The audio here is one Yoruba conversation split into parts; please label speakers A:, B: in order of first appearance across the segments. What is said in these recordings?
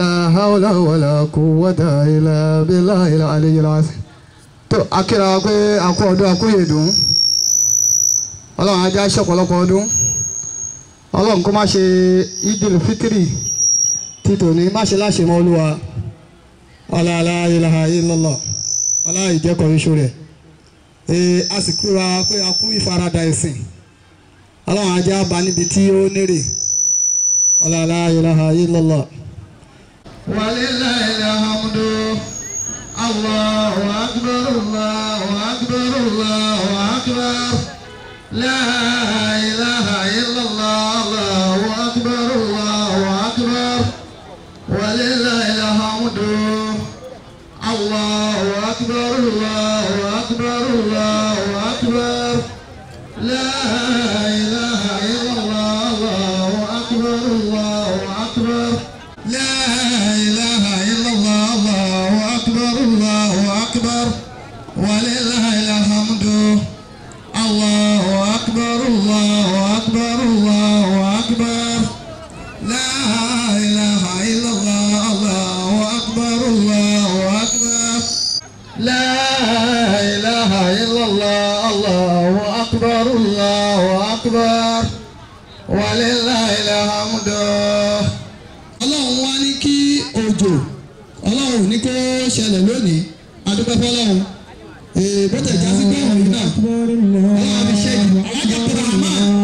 A: wàlá hawla wàlá quwwata illa billahi al-aliyyil azim. tó akíra pé akó ọdún akóyè dùn ọlọ́run ajá ṣọ̀pọ̀lọpọ̀ ọdún ọlọ́run kó má ṣe idil fitiri títòní má ṣe láṣẹ mọ́ olúwa ọlá la ilaha illallah ọlá ìjẹ́kọ̀ọ́ iṣu rẹ̀ ee a sì kúra pé a kú ìfaradà ẹ̀sìn ọlọ́run ajá bá níbi tí ó nírè ọlá la ilaha illallah. ولله الحمد الله أكبر الله أكبر الله أكبر لا إله إلا الله الله أكبر الله أكبر ولله الحمد الله أكبر الله أكبر الله bọ́tà ìjásí bẹ́ẹ̀ ọ̀hún náà ọlọ́run fi ṣẹ́yìn alájà tó rà máa.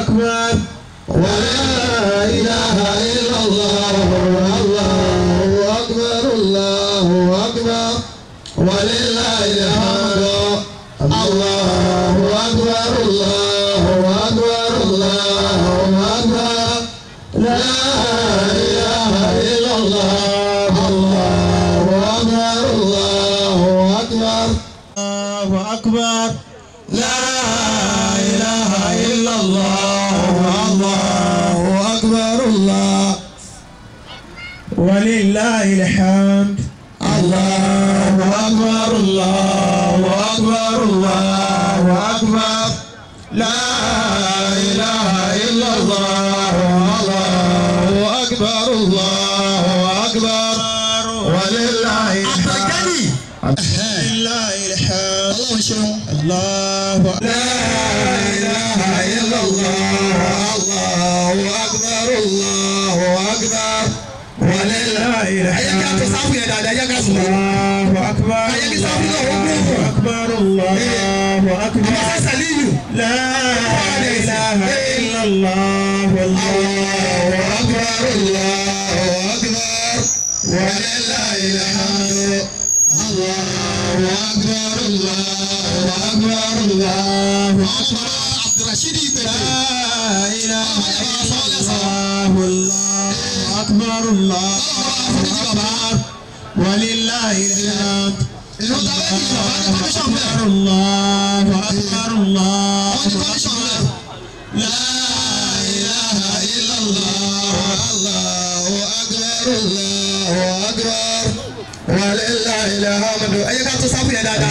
A: أكبر ولا إله إلا
B: أكبر الله أكبر لا
A: إله إلا الله الله أكبر الله أكبر ولله الحمد لله الحمد الله لا إله إلا الله الله أكبر الله أكبر ayé ká tó sáfù yẹn dáadáa ayé ká sùn. ayé kí sáfù náà ó kú fún. akbar allah akbar. ọmọ saliyu. la ilaha illallah wallahu akbar allahu akbar wàlẹ́lá ìlànà allahu akbar allahu akbar allahu akbar. ọkùnrin abdulrasheed ìgbẹ́rẹ́. la ilaha illallah wallahu. أكبر الله أكبر ولله الحمد أكبر الله أكبر الله لا إله إلا الله الله أكبر الله أكبر ولله الحمد أيها الناس تصافي يا دادا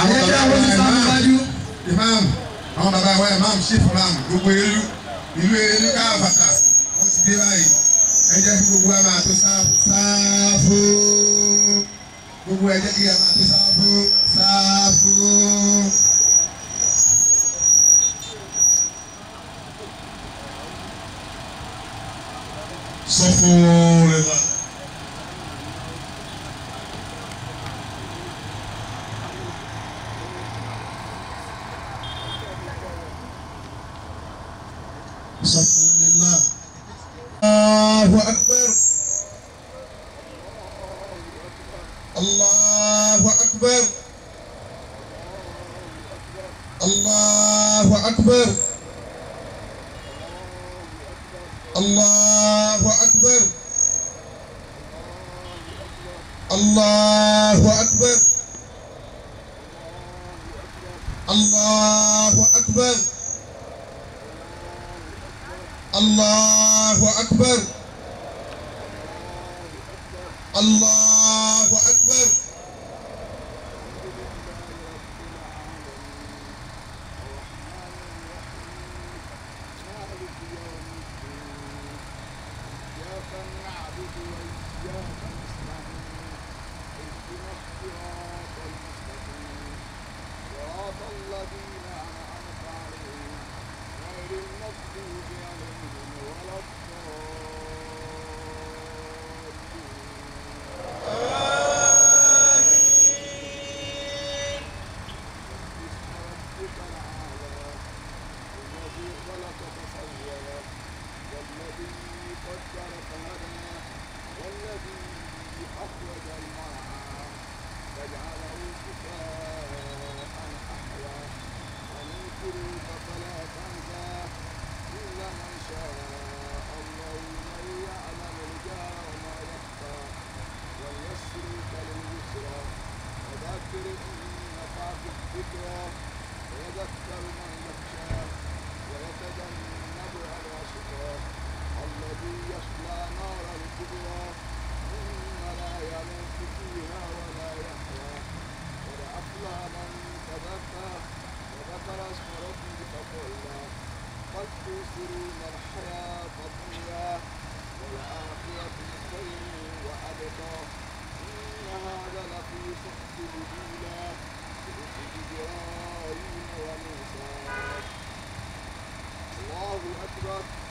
A: àwọn bàbá wa imam imam
C: àwọn bàbá wa imam chief imam gbogbo ìlú ìlú ó ti dé báyìí
A: ẹ jẹ́ kí gbogbo ẹ máa tó sáfù gbogbo ẹ jẹ́ kí ẹ máa tó sáfù sáfù. sọ fún wọn. الله أكبر
D: الله أكبر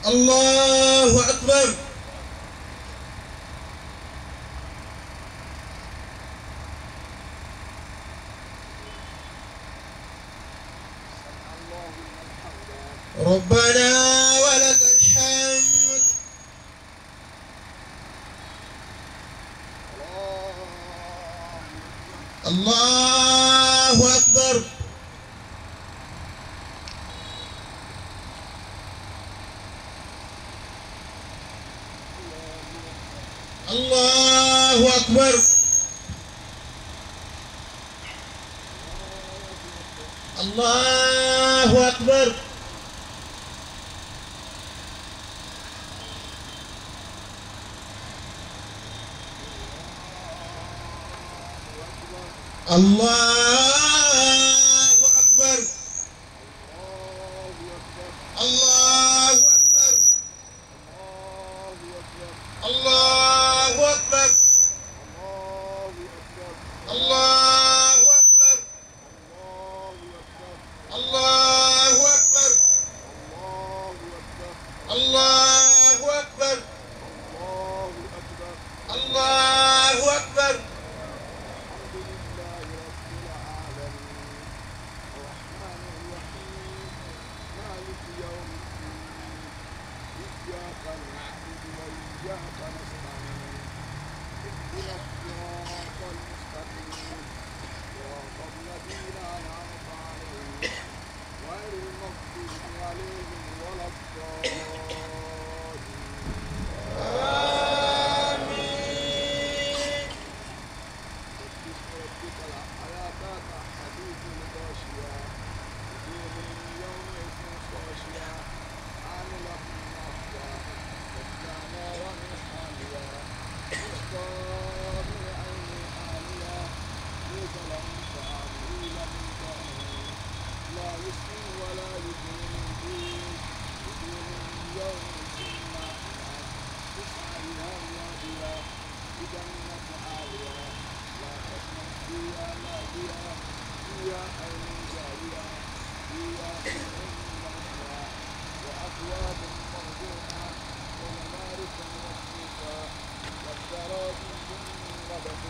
B: الله أكبر الله أكبر
D: الله يوم الجنة تسعى بجنة عالية لا تسمع فيها نادية فيها عين جارية فيها سرر مرفوعة وأكواب مرفوعة ونمارق مصفوفة والزراب من نبت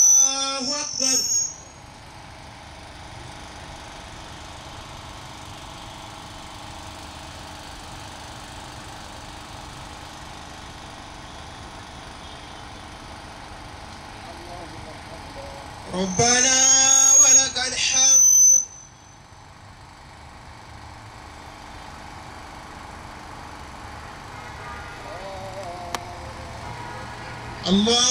D: الله أكبر
A: ربنا ولك الحمد الله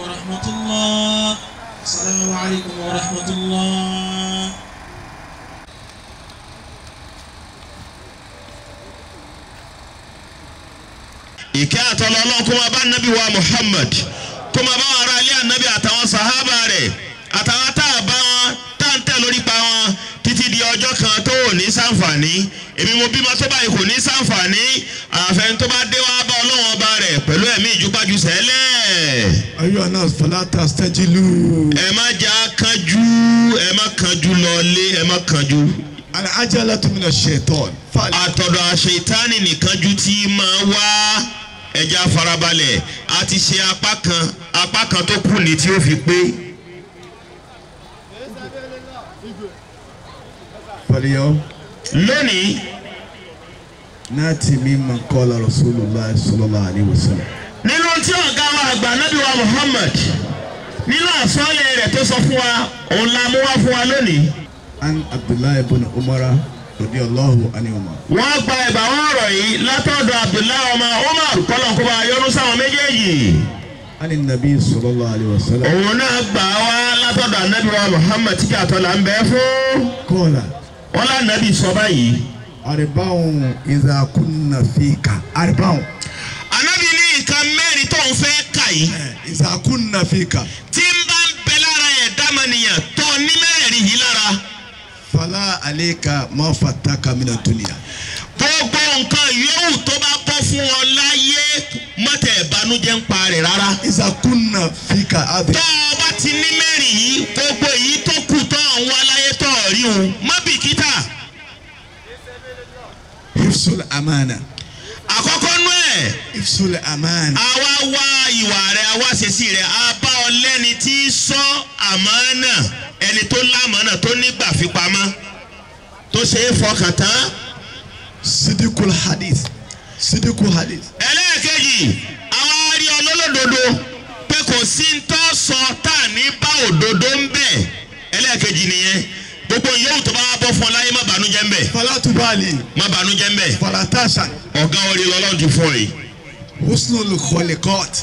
B: ورحمة الله السلام عليكم ورحمة
D: الله
B: ìkẹ́ àtọ́lọ́ ọlọ́run kó máa bá nábì wa Muhammad kó máa bá wọn ará ilé ànábì àtàwọn sàhábà rẹ̀ àtàwọn tá a bá wọn tá à ń tẹ̀ lórí pa wọn títí di ọjọ́ kan tó ò ní ṣàǹfààní èmi mo bímọ tó báyìí kò ní ṣàǹfààní àfẹn tó bá dé wá bá pẹ̀lú ẹ̀mí ìjúpájú sẹ́lẹ̀. ayọ̀ náà fọláta sẹ́jìlú. ẹ má jà kánjú ẹ má kánjú lọlé ẹ má kánjú. alájálá tó mi lọ ṣètọ́n. àtọ̀dọ̀ àṣetánì nìkanjú tí máa wá ẹja farabalẹ̀ a ṣe apá kan apá kan tó kù ní tí ó fi pé. lónìí
E: náàtì mimman qala rasulullah sallallahu alaihi wasallam.
B: nínú tí ọ̀gá wa àgbà nábì wa muhammad nínú àsọ̀lẹ̀ rẹ̀ tó sọ fún wa òun la mú wá fún wa lónìí.
E: an abdullahi ibn umara radiyallahu anhuma.
B: wọ́n gba ẹ̀bà wọn rọ̀ yìí látọ̀dọ̀ abdullahi ọmọ umar kọ́lọ́nkúba yọrù sáwọn méjèèjì. ani nabi sallallahu alaihi wasallam. òun náà gbà wá látọ̀dọ̀ anabi wa muhammad kí àtọ̀là ń bẹ fún. kọ́ọ̀là. wọ́n lá nàbì sọ báyìí arba'un iza fika arba'un. anabili ní nǹkan mẹ́rin tó ń fẹ́ kà yìí. Eh, iza fika. tí n bá ń bẹ lára ẹ̀ dámaniya tó ní mẹ́rẹ̀ẹ̀rin yìí lára. fala aleka ma fataka mina dunya. gbogbo nǹkan yòówù tó bá bọ́ fún ọ láyé mọ́tẹ̀ ìbànújẹ́ ń pa rárá. iza kunna fika. tó o bá ti ní mẹ́rin yìí gbogbo èyí tó kù tó ń wá láyé tó rí o má bìkítà ifsul amana. àkọ́kọ́ nú ẹ̀. ifsul amana. àwa wá ìwà rẹ̀ àwa ṣèṣì rẹ̀ a bá ọ lẹ́ni tí í sọ àmánà ẹni tó lámánà tó nígbà fipamọ́ tó ṣe é fọkàn tán. sidikul hadith sidikul hadith. ẹlẹ́ẹ̀kejì àwa rí ọlọ́lọ́dodo pé kò sí ń tọ́ sọ tá à ní bá òdodo ń bẹ̀ ẹlẹ́ẹ̀kejì nìyẹn gbogbo yòówù tó bá wá bọ́ fún ọ láyé má bànújẹ́ ńbẹ̀. fọlá tubali. má bànújẹ́ ńbẹ̀. fọlá tàṣà. ọ̀gá orí lọ́lọ́run ti fún ọ yìí. húsùn olùkọ́lẹ̀ court.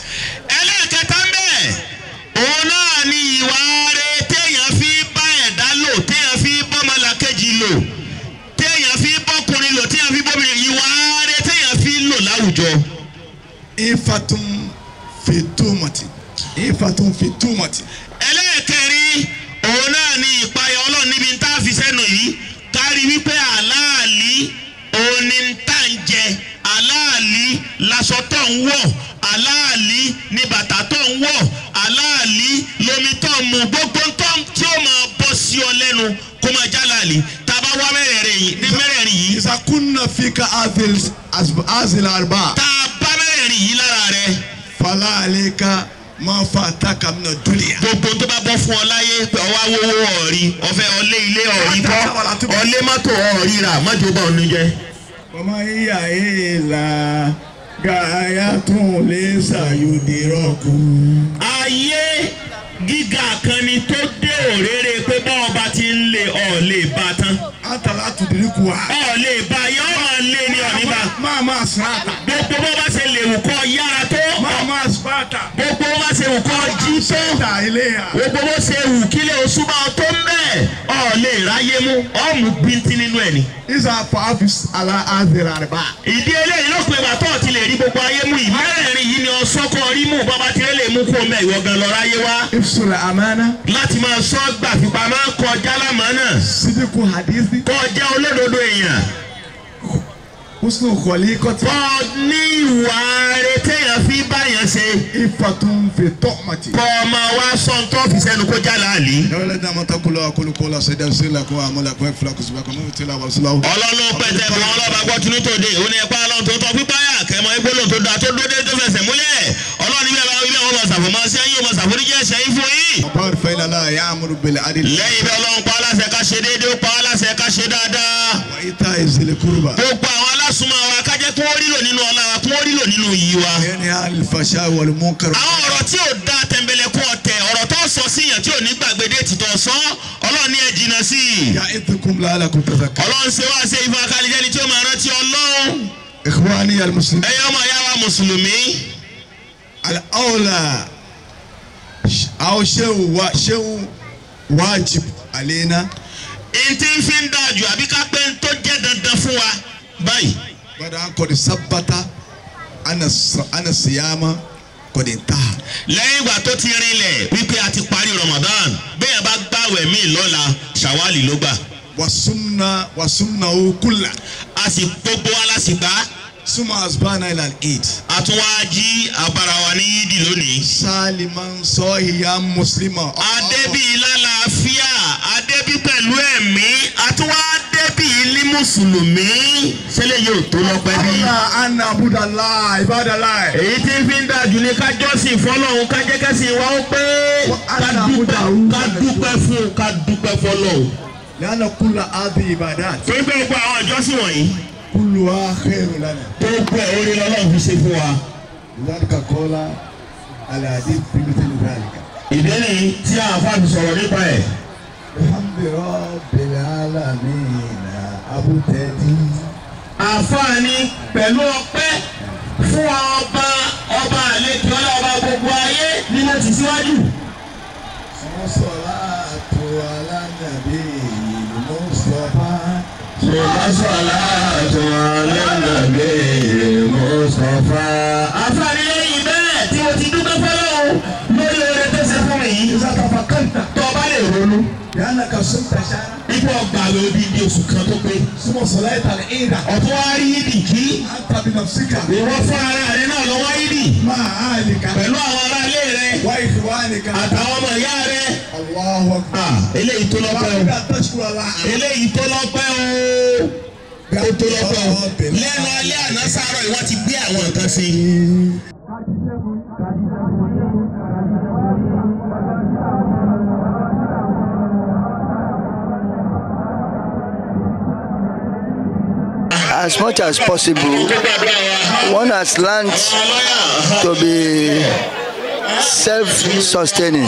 B: ẹlẹ́ẹ̀kẹta ń bẹ̀ òun náà ni ìwà rẹ téèyàn fi bá ẹ̀dá lò téèyàn fi bọ́mọlàkejì lò téèyàn fi bọ́kùnrin lò téèyàn fi bọ́mi ìwà rẹ téèyàn fi lò láwùjọ. ìfàtún fi túmọ̀tì òun náà ni ìpayà ọlọ́run níbi tá a fi sẹ́nu yìí kárí wípé àláàlí òun ni tá ń jẹ àláàlí laṣọ tó ń wọ̀ àláàlí ni bàtà tó ń wọ̀ àláàlí lomi tó ń mu gbogbo tó ń tí ó máa bọ́ sí ọ lẹ́nu kó máa já láàlí tàbá wá mẹ́rẹ̀ẹ̀rin yìí ní mẹ́rẹ̀ẹ̀rin yìí. ìsàkúnnà fika azil alba. tá a bá mẹ́rẹ̀ẹ̀rin yìí lára rẹ.
E: fàlàlẹ́
B: máa fa àtàkà mi náà dúnìyà. gbogbo tó bá bọ́ fún ọ láyé ọwọ́ awowó ọ̀rí ọ̀fẹ́ ọlé ilé ọ̀rí kọ́ ọlé mọ́tò ọ̀rí rà mọ́tò bá ọ̀nù jẹ. ọmọ yíyà èèlà gàáyà tún lè ṣàyòdè rọ̀kù. ayé gíga kan ni tó dé òréré pé bá ọba ti ń lé ọ lè bá tán. àtàlà tùdìrí kù wá. ọ lè bá yọ ọ máa lé ní ọ̀nìbà. máa máa sàn gbogbo bá wù kọ́ jí tó gbogbo bó ṣe wù kílẹ̀ oṣù máa tó ń bẹ̀ ọ̀ lè ráyé mú ọ̀mù bíntín nínú ẹ̀ ni. isa fàáfis ala azera rẹba. ìdí eléyìí ló pe bàtọ́ ti lè rí gbogbo ayé mú yìí mẹ́rẹ̀ẹ̀rin yìí ni ọ̀ṣọ́kọ rí mú bàbá tirẹ̀ lè mú kó mẹ́ ìwọ gan lọ ráyé wá. ifsula amana. láti máa sọ gbàfipamọ́ kọjá lámàánà. sídìkù hadithi. kọjá olódodo èèyàn húsùn kọ̀lí kọ́tì. bọ́ ní ìwà rẹ téèyàn fi báyàn ṣe. ifá tó ń fi tọ́ ọmọ ti. bọ́ ọmọ wa sọ ń tọ́ fi sẹ́nu kó jálá àlè. ìdáwọ́lẹ̀ náà mo takò
E: lọ akólukó la ṣẹ̀dá ṣe la kó àmọ́lá kó ẹ̀fúra kó ṣùgbọ́n kó mọ̀ tí la wà sí la. ọlọ́lọ́
B: pẹ̀tẹ́ bọ́ ọlọ́ba gbọ́ tinú tó dé òun ni ẹ̀pá ọlọ́run tó tọ́ pípáyà kẹmọ igbóló tó da tó dóde tó fẹsẹ̀ múlẹ̀ ọlọ́run ibẹ̀ báwo ibẹ̀ wọ́n bá ṣàfọ̀ máa ṣe yín o bá ṣàforí jẹ́ ṣe yín fún yín.
E: ọ̀pá òrùfẹ́ ìlànà yà á múru bẹ̀lẹ̀ adìrẹ. lẹ́yìn bẹ́ẹ̀ ọlọ́run pa aláṣẹ
B: ká ṣe déédéé ó pa aláṣẹ ká ṣe dáadáa ìta ìsèlè kúrúbà. gbogbo àwọn alásùnmọ́ wa kájẹ́ kí wọ́n rílò nínú ọlá wa kí wọ́n rílò nínú iyì wa. yẹ́nì alifasa wọlé mú kẹrù. àwọn ọ̀rọ̀ tí ò da tẹ̀m̀bẹ̀lẹ̀kún ọ̀tẹ̀ ọ̀rọ̀ tó sọ sí yàn tí ò ní gbàgbédé tìtọ̀ sọ ọlọ́run ni ẹ jìnnà sí i. ya etukum lala kun tẹ̀sán. ọlọ́run ṣe wá ṣe ìfọ̀ akalijẹ́ni al muslimin. wa mùsùlùmí. al-awla ntí fi ń dáa jù àbí ká pé tó jẹ́ dandan fún wa báyìí. gbọ́dọ̀ an kọ́ni sábàtà ana siyama kọ́ni ta. lẹ́yìn ìgbà tó ti rinlẹ̀ wípé a ti parí Ramadan bẹ́ẹ̀ bá gbàwẹ̀ mí lọ́la ṣàwálì ló gbà. wasunna wasunna o a sì gbogbo alásìgbà. suma asbana ilal eid. a tún wa ní yídì lónìí. saliman sọ ìyá mùsùlùmá. adébíyí lálàáfíà pẹ̀lú ẹ̀mí àtúwá débì ní mùsùlùmí ṣẹlẹ̀ yóò tó lọ́pẹ́ bí. anna abudala ibadala. èyí tí fi ń da jù ní kájọ́sìn fọlọ́hún kájẹ́kẹ́sìn wa ó pé ká dúpẹ́ fún ká dúpẹ́ fọlọ́hún. lẹ́yìn kúlọ̀ ábí ìbàdàn. tó ń bẹ́ẹ̀ gbọ́ àwọn ìjọsìn wọ̀nyí. kúlù wa xẹ́rù lánàá. tó ń pẹ́ orí lọ́lọ́run fi ṣe fún wa. ìdáríkà kọ́lá aládé bíbí tẹ́lifíà nìkan. ìdẹ́ni tí a fà sọ̀rọ̀ nípa ẹ̀ àfààní pẹ̀lú ọpẹ́ fún ọba ọba àlejò ọlá ọba gbogbo ayé nínú ti síwájú.
A: mọ́sọ̀lá tó
E: alánàbí ìlú
B: mọ́sọ̀lá. mọ́sọ̀lá tó alánàbí ìlú mọ́sọ̀lá. àfààní lẹ́yìn bẹ́ẹ̀ tí mo ti dúpẹ́ fọ́lọ́run lórí oore tó ṣe fún mi yìí. ìṣàtàfà kàńtà ronú. yàrá ka sún tàṣà. ibi ọgbà rẹ o bí ibi oṣù kan tó pé. súnmọ́ sọ̀rọ̀ ẹ̀ tàbí ìdá. ọ̀tún wá rí yídì kí. a tàbí nà síkà. ìwọ fún ara rẹ náà lọ wá yídì. máa á nìkan. pẹ̀lú àwọn ará ilé rẹ. wá ìfì wá nìkan. àtàwọn ọmọ ìyá rẹ. Allahu Akbar. eléyìí tó lọ́pẹ́ o. eléyìí tó lọ́pẹ́ o ó tó lọ́pọ̀ lẹ́nu alẹ́ àná sáárọ̀ ìwọ́n
D: as much as possible, one has learned to be
E: self-sustaining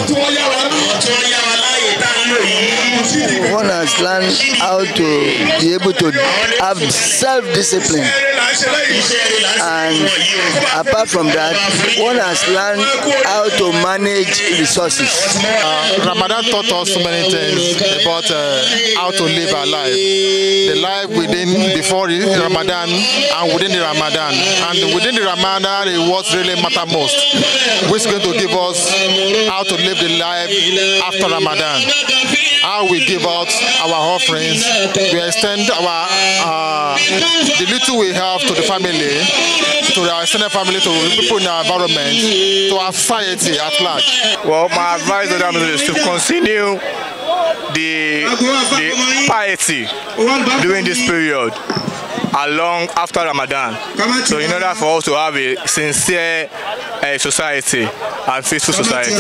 E: one has learned how to be able to have self-discipline and apart from that one has learned how to manage resources. Uh,
C: Ramadan taught us so many things about uh, how to live our life the life within before Ramadan and within the Ramadan and within the Ramadan it was really matter most which is going to give us how to live the life after Ramadan how we give out our offerings we extend our uh, the little we have to the family to our extended family to people in our environment to our society at large.
E: well my advice to them is to continue the the piety during this period along after Ramadan. So in order for us to have a sincere uh, society
A: and faithful society.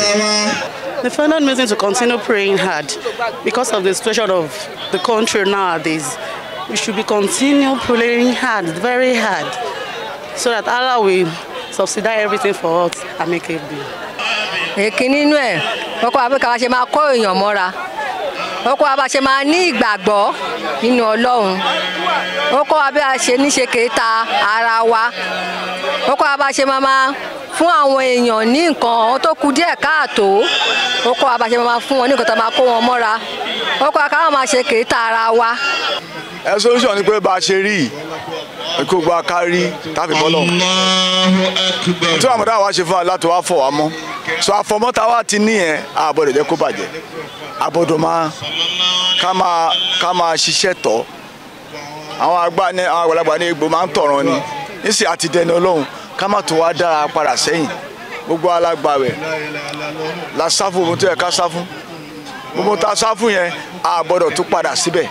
C: The final meeting to continue praying hard because
A: of the situation of the country nowadays. We should be continue praying hard, very hard, so that Allah will subsidize everything for us and make it be. wọ́n kọ́ abẹ́ka wa ṣe máa kó èèyàn mọ́ra.
E: Wọ́n kọ́ abẹ́ ṣe máa ní ìgbàgbọ́ nínú Ọlọ́run. Wọ́n kọ́ abẹ́ ṣe níṣe kéta ara fún àwọn èèyàn ní nǹkan tó kù díẹ̀ káàtó ó kọ́ abàṣẹ máa fún wọn ní nǹkan tó máa kó wọn mọ́ra ó kọ́ akáwọn máa ṣe kèéta ara wa. ẹ solution ni pé bá a ṣe rí kó gba kárí tàbí bọ́lọ̀ tí àwọn ọmọdé àwa ṣe fún wa láti wá fọ̀ wá mọ́ so àfọmọ́ta wa ti níyẹn àbọ̀dọ̀ jẹ́ kó bàjẹ́ àbọ̀dọ̀ máa ká máa ká máa ṣiṣẹ́ tọ̀ àwọn àgbàlagbà ní egbò máa ń tọ̀ràn ni níṣẹ́ àti dẹni ọlọ́run ká má tó wá dára padà sẹ́yìn gbogbo alágbàwẹ̀ la sá fún tó yẹ ká sá fún gbogbo tá a sá fún yẹn a gbọ́dọ̀ tún padà síbẹ̀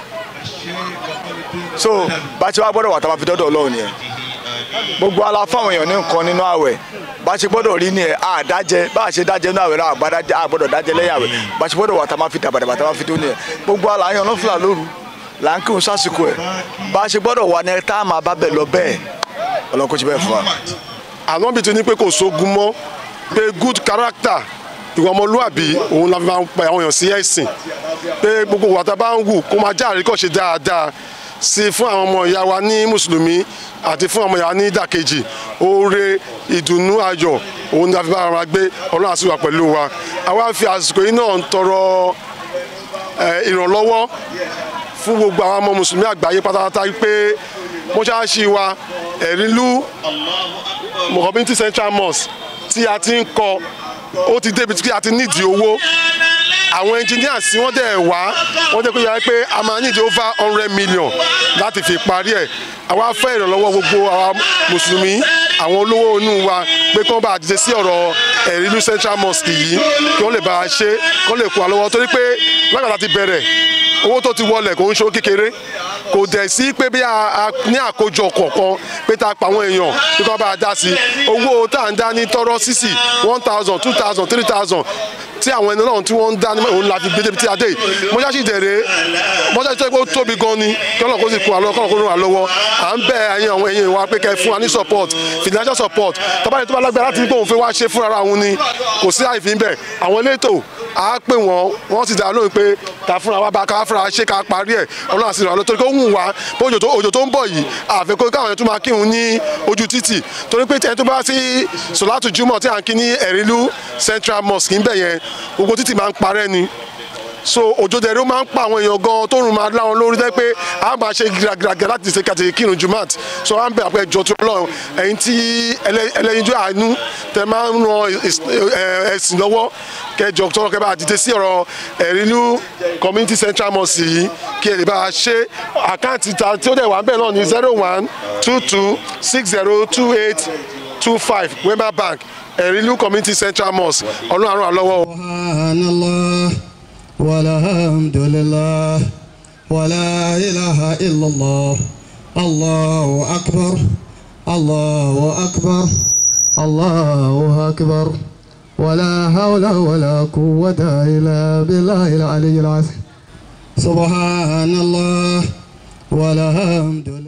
E: so bá ti wá gbọ́dọ̀ wà tá a máa fi dọ́dọ̀ ọlọ́run yẹn gbogbo ala fáwọn èèyàn ní nǹkan nínú àwẹ̀ bá ṣe gbọ́dọ̀ rí ni ẹ̀ á dájẹ́ bá ṣe dájẹ́ nínú àwẹ̀ rà á gbọ́dọ̀ dájẹ́ lẹ́yìn àwẹ̀ bá ṣe gbọ́dọ̀ wà tá a máa fi dàbàdàbà tá a máa fi dún ni ẹ̀ gbogbo ala yan lọ́fìlà lóru là ń kírun sásìkò ẹ̀ bá ṣe gbọ́dọ̀ wà ní ẹ̀ tá a máa bá bẹ̀ lọ bẹ́ẹ̀ ọlọ́kùnrin bẹ́ẹ̀ fún wa àwọn bìtú ní pé kò sógun mọ́ pé
C: good character ìwà ọmọlúàbí òun la fi máa ń pa àwọn èèyàn sí ẹ̀sìn pé gbogbo wàtá bá ń wù kó máa já àríkọ́ṣe dáadáa sí fún àwọn ọmọ ìyá wa ní mùsùlùmí àti fún àwọn ọmọ ìyá ní ìdàkejì oore ìdùnnú ayọ̀ òun la fi bá ara gbé ọlọ́run àti ìwà pẹ̀lú wa àwa fi àsìkò yìí náà ń tọrọ ìrànlọ́wọ́ fún gbogbo àwọn ọmọ mùsùlùmí àgbáyé pátápátá pé mọ́ṣáláṣí wa ẹ̀rínlú community central mosque tí a ti ń kọ́ ó ti débi tí a ti nídìí owó àwọn engineers tí wọ́n dẹ̀ wá wọ́n dẹ̀ kó yára pé a máa nídìí over hundred million láti fi parí ẹ̀ àwa fẹ́ ìrànlọ́wọ́ gbogbo àwa mùsùlùmí àwọn olówó inú wa pé kí wọ́n bá dìde sí ọ̀rọ̀ ẹ̀rínú central mosque yìí kí wọ́n lè bá a ṣe kí wọ́n lè kó wa lọ́wọ́ torí pé lágbàdá ti bẹ̀rẹ̀ owó tó ti wọlé kò ń ṣó kékeré kò dẹ̀ sí pé bí a ní àkójọ kọ̀ọ̀kan pé tá a pa àwọn èèyàn kí wọ́n bá a dá sí owó tá à ń dá ní tọrọ sísì one thousand two thousand three thousand tí àwọn ẹni náà tí wọ́n ń dá ní òun la fi gbé débi tí a dé mọ́ṣáṣí ìdẹ̀rẹ́ mọ́ṣáṣí tó yẹ kó tóbi gan ni kí ọlọ́run kó sì kó àlọ́ kọ́lọ́run kó ràn án lọ́wọ́ à ń bẹ̀ ẹ̀yin àwọn ẹ̀yin wa pé kẹ́ fún wa ní support financial support tọ́ba yẹn tó bá lágbára láti ní pé òun fẹ́ wá ṣe fúnra ara òun ni kò sí àìfín bẹ̀ àwọn elétò á pè wọ́n wọ́n sì dá lóhùn pé ká fúnra wa bá ká fúnra ṣé ká parí ẹ̀ ọlọ́run àti ìrànlọ́ torí pé wù wá pé òjò tó ń bọ̀ yìí àfikún káwọn yẹn tún máa kírun ní ojú títì torí pé ẹni tó bá sí sọ̀látù júmọ̀ tí à ń kí ní ẹ̀rínlú central mosque ń bẹ̀ yẹn gbogbo títì máa ń parẹ́ ni so òjò dẹ̀rẹ́ ó máa ń pa àwọn èèyàn gan tó rùn máa láwọn lórí dẹ́ pé a máa ṣe gíragíraga láti ṣe kàtẹ́kì kírun jumat so à ń bẹ̀ àpẹ ìjọ tó lọ́rùn ẹ̀yin tí ẹlẹ́yinjú àánú tẹ máa ń ran ẹ̀sìn lọ́wọ́ kẹjọ tọrọ kẹ bá dìde sí ọ̀rọ̀ ẹ̀rínú community central mosque yìí kí ẹ lè bá a ṣe àkáǹtì ta tí ó dẹ̀ wà ń bẹ̀ náà ní zero one two two six zero two eight two five Wema Bank ẹ̀rínú community central
A: mosque ọlọ́run àlọ́wọ́ o. والحمد لله ولا إله إلا الله الله أكبر الله أكبر الله أكبر ولا حول ولا قوة إلا بالله العلي العظيم سبحان الله والحمد لله